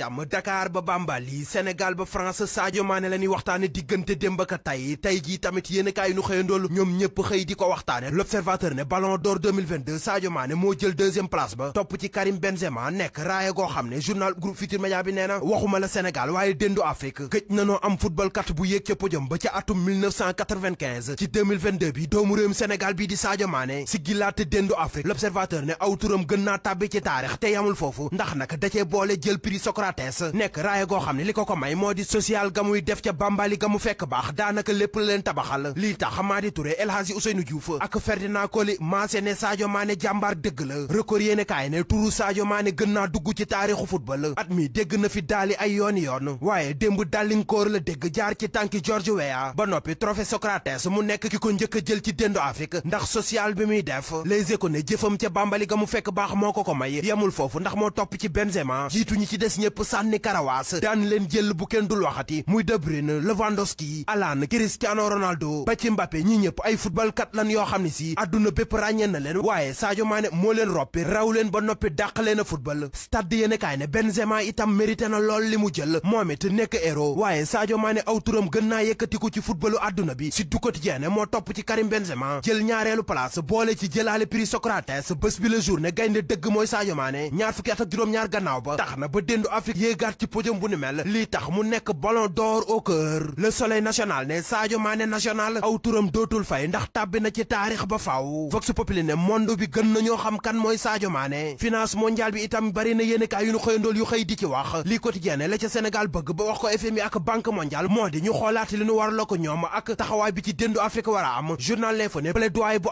jàmm Dakar ba Bambali Sénégal ba France Sadio Mané la ñuy waxtaane diggante démb ak tey tey jii tamit yéen kaay yi nu xëyandool ñoom ñëpp xëy di ko waxtaane l'observateur ne Ballon d'or 2022 Sadio Mané moo jël deuxième place ba topp ci Karim Benzema nekk raaya goo xam ne journal groupe Futurs Médias bi nee na waxuma la Sénégal waaye déndu Afrique gëj na noo am footballkat bu yéeg ca podium ba ca atum 1995 ci 2022 bi doomu réewum Sénégal bii di Sadio Mané si gilaate déndu Afrique l'observateur foofu ndax nag da cee boole jël Socrates nekk raaya goo xam ne li ko ko may moo di social ga muy def ca bambali ga mu fekk baax daanaka lépp la leen tabaxal lii tax Madi Touré El Hadji Ousseynou Diouf ak Ferdinand Coly maase ne Sadio Mané jàmbaar dëgg la record yéene kaay ne turu Sadio Mané gën naa dugg ci taarixu football at mi dégg na fi daali ay yooni yoon waaye démb dàllinkoor la dégg jaar ci tànki George Weah ba noppi trophée Socrates mu nekk ki ko njëkk a jël ci déndu Afrique ndax social bi muy def les école ne jëfam ca bambali ga mu fekk baax moo ko ko may yemul foofu ndax moo topp ci lépp sànni karawaas daan leen jël bu kenn dul waxati muy De Bruyne Lewandowski Alan Cristiano Ronaldo ba ci Mbappé ñi ñëpp ay football kat lan yoo xam ne si àdduna bépp ràññee na leen waaye Sadio Mané moo leen roppi raw leen ba noppi dàq leen a football stade yéen kaay ne Benzema itam mérité na lool li mu jël moom it nekk héros waaye Sadio Mané aw turam gën naa yëkkatiku ci footballu àdduna bi si du quotidien moo topp ci Karim Benzema jël ñaareelu place boole ci jëlaale prix Socrates bés bi la journée gaynde dëgg mooy Sadio Mané ñaar fukki at ak juróom-ñaar gannaaw ba tax Afrique yéegaat ci podium bu ni mel lii tax mu nekk ballon d'or au cœur le soleil national ne Sadio Mané aw turam dootul fay ndax tàbbi na ci taarix ba faaw Vox Populi ne monde bi gën na ñoo xam kan mooy Sadio Mané finance mondiale bi itam bari na yéenekaay yu ñu xëyandool yu xëy di ci wax lii quotidien la ca Sénégal bëgg ba wax ko FMI ak Banque mondiale moo di ñu xoolaat li ñu war la ko ñoom ak taxawaay bi ci déndu Afrique war a am journal L'Info ne plaidoyer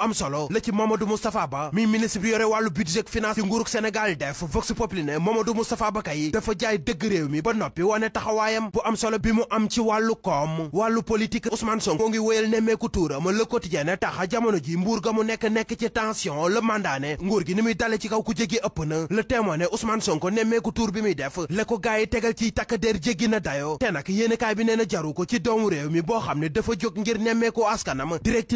jaay dëgg réew mi ba noppi wane taxawaayam bu am solo bi mu am ci wàllu koom wàllu politique Ousmane Sonko ngi wéyal nemmeeku tuuram le quotidien tax jamono ji nguur ga mu nekk nekk ci tension le mandaane nguur gi ni muy dale ci kaw ku jéggi ëpp na le témoin ne Ousmane Sonko nemmeeku tuur bi muy def la ko gars tegal ci takk der jéggi na dayo te nag yéenekaay bi nee na jaru ko ci doomu réew mi boo xam ne dafa jóg ngir nemmeeku askanam direct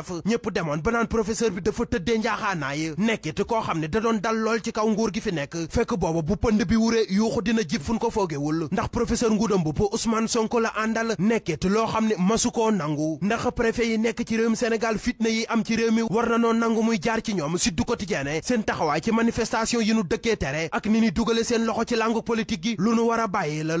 def demoon ba professeur bi dafa tëddee njaaxaanaay nekkit koo xam ne da doon dal lool ci kaw nguur gi fi nekk fekk booba bu pënd bi wuree yuuxu dina jib fun ko foogewul ndax professeur Ngouda Mboup Ousmane Sonko la àndal nekkit loo xam ne masu nangu ndax préfet yi nekk ci réewum Sénégal fitna yi am ci réew mi war na noo nangu muy jaar ci ñoom Sud Quotidien seen taxawaay ci manifestation yi nu dëkkee tere ak ni ni dugale seen loxo a bàyyi la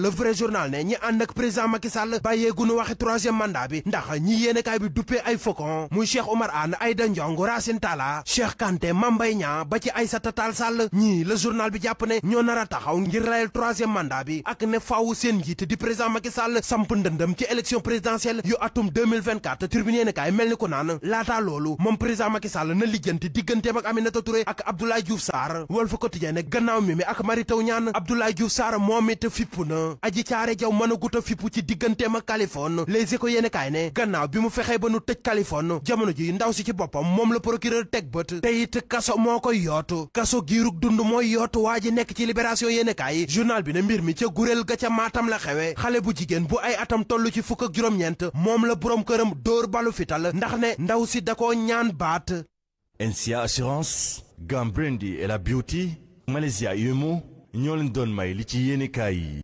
Cheikh Omar Anne Aïda Ndiongo Racine Talla Cheikh Kanté Mame Mbaye Niang ba ci Aïssata Tall Sall ñii la journal bi jàpp ne ñoo nar a taxaw ngir layal troisième mandat bi ak ne faaw seen njiit di président Macky Sall samp ndëndëm ci élection présidentielle yu atum 2024 tribune yéen kaay mel ni ko naan laataa loolu moom président Macky Sall na lijjanti digganteem ak Aminata ak Abdoulaye Diouf Sarr Walf Quotidien ne moom it fippu na aji caare jaw mën a gut a fippu ci ba jamono ji ndaw si ci boppam moom la procureur teg bët te it kaso moo ko yootu kaso giirug dund mooy yootu waa ji nekk ci libération yéene kaay journal bi ne mbir mi ca guréel ga ca maatam la xewe xale bu jigéen bu ay atam toll ci fukk ak juróom-ñeent moom la boroom këram dóor balu fital ndax ne ndaw si da ko ñaan baat NCA Assurance Gambrendi et la Beauty Malaysia Yumo ñoo leen doon may li ci yéene kaay